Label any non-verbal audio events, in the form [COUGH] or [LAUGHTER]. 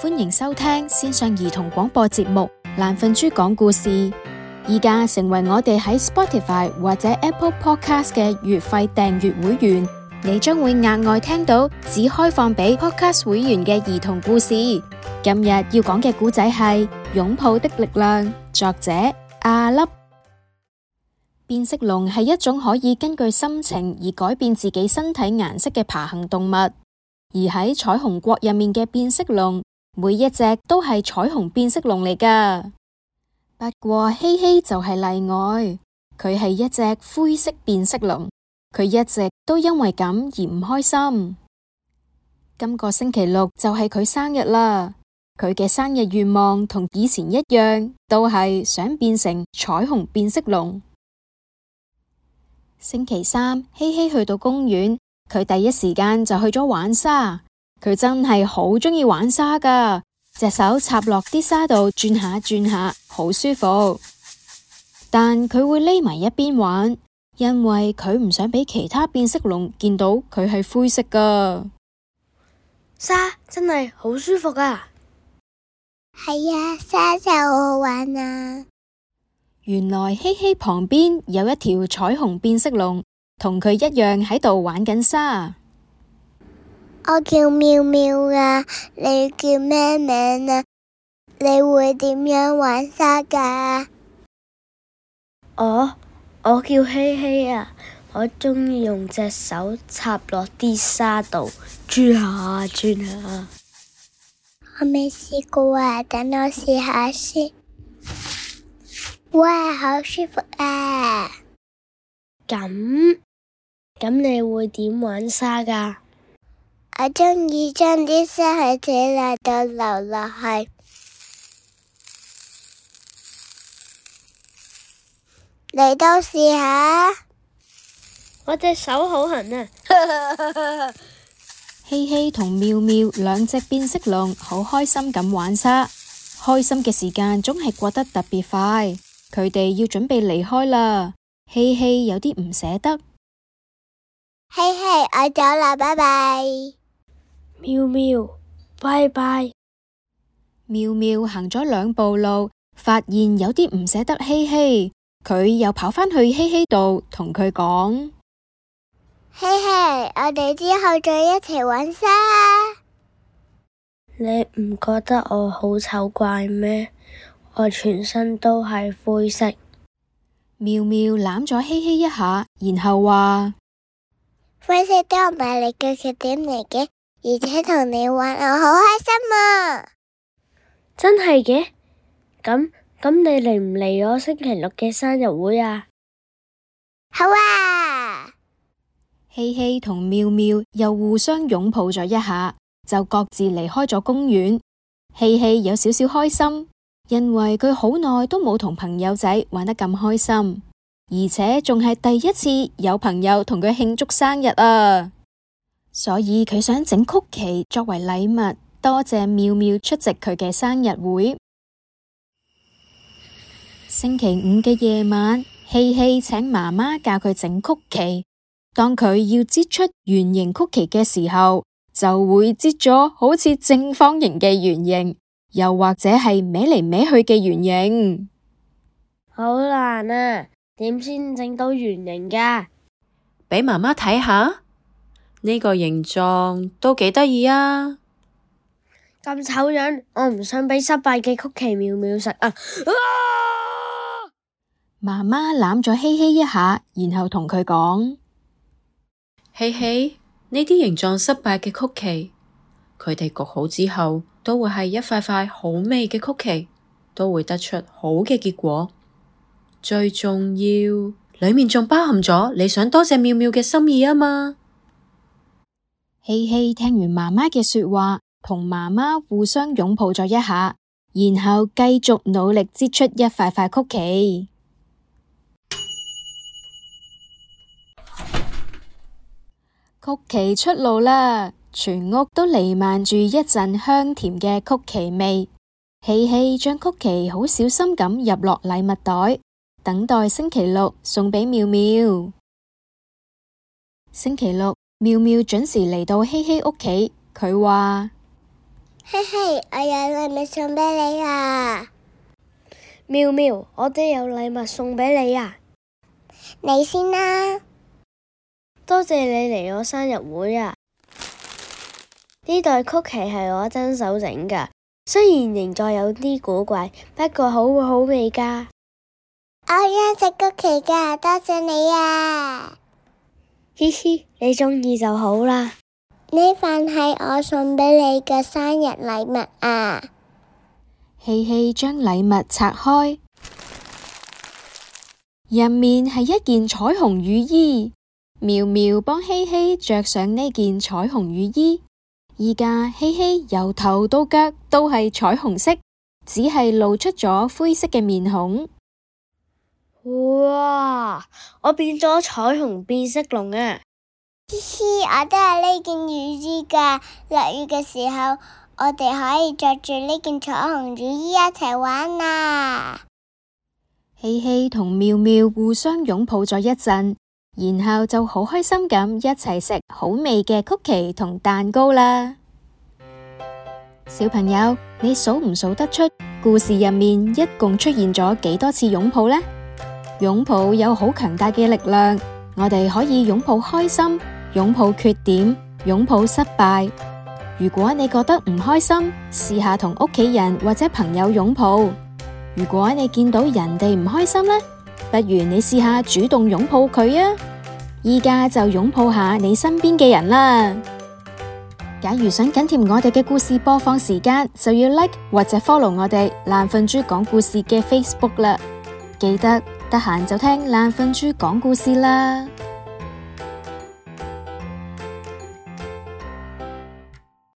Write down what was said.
歡迎收聽線上兒童廣播節目《懶瞓豬講故事》，而家成為我哋喺 Spotify 或者 Apple Podcast 每一隻都係彩虹變色龍嚟㗎，不過熹熹就係例外，佢係一隻灰色變色龍，佢一直都因為咁而唔開心。今個星期六就係佢生日啦，佢嘅生日願望同以前一樣，都係想變成彩虹變色龍。星期三，熹熹去到公園，佢第一時間就去咗玩沙。佢真係好鍾意玩沙噶，隻手插落啲沙度轉下轉下，好舒服。但佢會匿埋一邊玩，因為佢唔想俾其他變色龍見到佢係灰色噶。沙真係好舒服啊！係啊，沙真係好好玩啊！原來希希旁邊有一條彩虹變色龍，同佢一樣喺度玩緊沙。我叫妙妙啊，你叫咩名啊？你會點樣玩沙噶？我我叫希 He 希啊，我中意用隻手插落啲沙度轉下轉下。我未試過啊，等我試下先。哇，好舒服啊！咁咁你會點玩沙噶？我中意將啲沙喺車度流落去，你都試下。我隻手好痕啊！熹熹同妙妙兩隻變色龍好開心咁玩沙，開心嘅時間總係過得特別快。佢哋要準備離開啦，熹熹有啲唔捨得。熹熹，我走啦，拜拜。妙妙，拜拜。妙妙行咗兩步路，發現有啲唔捨得希希。希希，佢又跑返去希希度，同佢講：希希，我哋之後再一齊玩先。你唔覺得我好醜怪咩？我全身都係灰色。妙妙攬咗希希一下，然後話：灰色都唔係你嘅缺點嚟嘅。而且同你玩，我好開心啊！真係嘅，咁咁你嚟唔嚟我星期六嘅生日會啊？好啊！熹熹同妙妙又互相擁抱咗一下，就各自離開咗公園。熹熹有少少開心，因為佢好耐都冇同朋友仔玩得咁開心，而且仲係第一次有朋友同佢慶祝生日啊！所以佢想整曲奇作為禮物，多謝妙妙出席佢嘅生日會。 [NOISE] 星期五嘅夜晚，熹熹請媽媽教佢整曲奇。當佢要擠出圓形曲奇嘅時候，就會擠咗好似正方形嘅圓形，又或者係歪嚟歪去嘅圓形。好難啊！點先整到圓形㗎？畀媽媽睇下。呢個形狀都幾得意啊！咁醜樣，我唔想畀失敗嘅曲奇妙妙食啊！啊媽媽攬咗熹熹一下，然後同佢講：熹熹，呢啲形狀失敗嘅曲奇，佢哋焗好之後都會係一塊塊好味嘅曲奇，都會得出好嘅結果。最重要，裏面仲包含咗你想多謝妙妙嘅心意啊嘛。熹熹、hey, hey，聽完媽媽嘅說話，同媽媽互相擁抱咗一下，然後繼續努力擠出一塊塊曲奇。曲奇出爐啦，全屋都彌漫住一陣香甜嘅曲奇味。熹熹將曲奇好小心咁入落禮物袋，等待星期六送俾妙妙。星期六。妙妙準時嚟到熹熹屋企，佢話：熹熹，我有禮物送俾你啊！妙妙，我都有禮物送俾你啊！你先啦，多謝你嚟我生日會啊！呢袋曲奇係我親手整噶，雖然形狀有啲古怪，不過好好味噶！我想食曲奇噶，多謝你啊！熹熹，你鍾意就好啦。呢份係我送畀你嘅生日禮物啊！熹熹，將禮物拆開，入 children , [NOISE] [NOISE] 面係一件彩虹雨衣。妙妙幫熹熹着上呢件彩虹雨衣，而家熹熹由頭到腳都係彩虹色，只係露出咗灰色嘅面孔。哇！我變咗彩虹變色龍啊！嘻嘻， [NOISE] 我都係呢件雨衣噶。落雨嘅時候，我哋可以着住呢件彩虹雨衣一齊玩啦啊。希希同妙妙互相擁抱咗一陣，然後就好開心咁一齊食好味嘅曲奇同蛋糕啦。小朋友，你數唔數得出故事入面一共出現咗幾多次擁抱呢？擁抱有好強大嘅力量，我哋可以擁抱開心，擁抱缺點，擁抱失敗。如果你覺得唔開心，試下同屋企人或者朋友擁抱。如果你見到人哋唔開心呢，不如你試下主動擁抱佢啊！依家就擁抱下你身邊嘅人啦。假如想緊貼我哋嘅故事播放時間，就要 like 或者 follow 我哋懶瞓豬講故事嘅 Facebook 啦。記得。得閒就聽懶瞓豬講故事啦。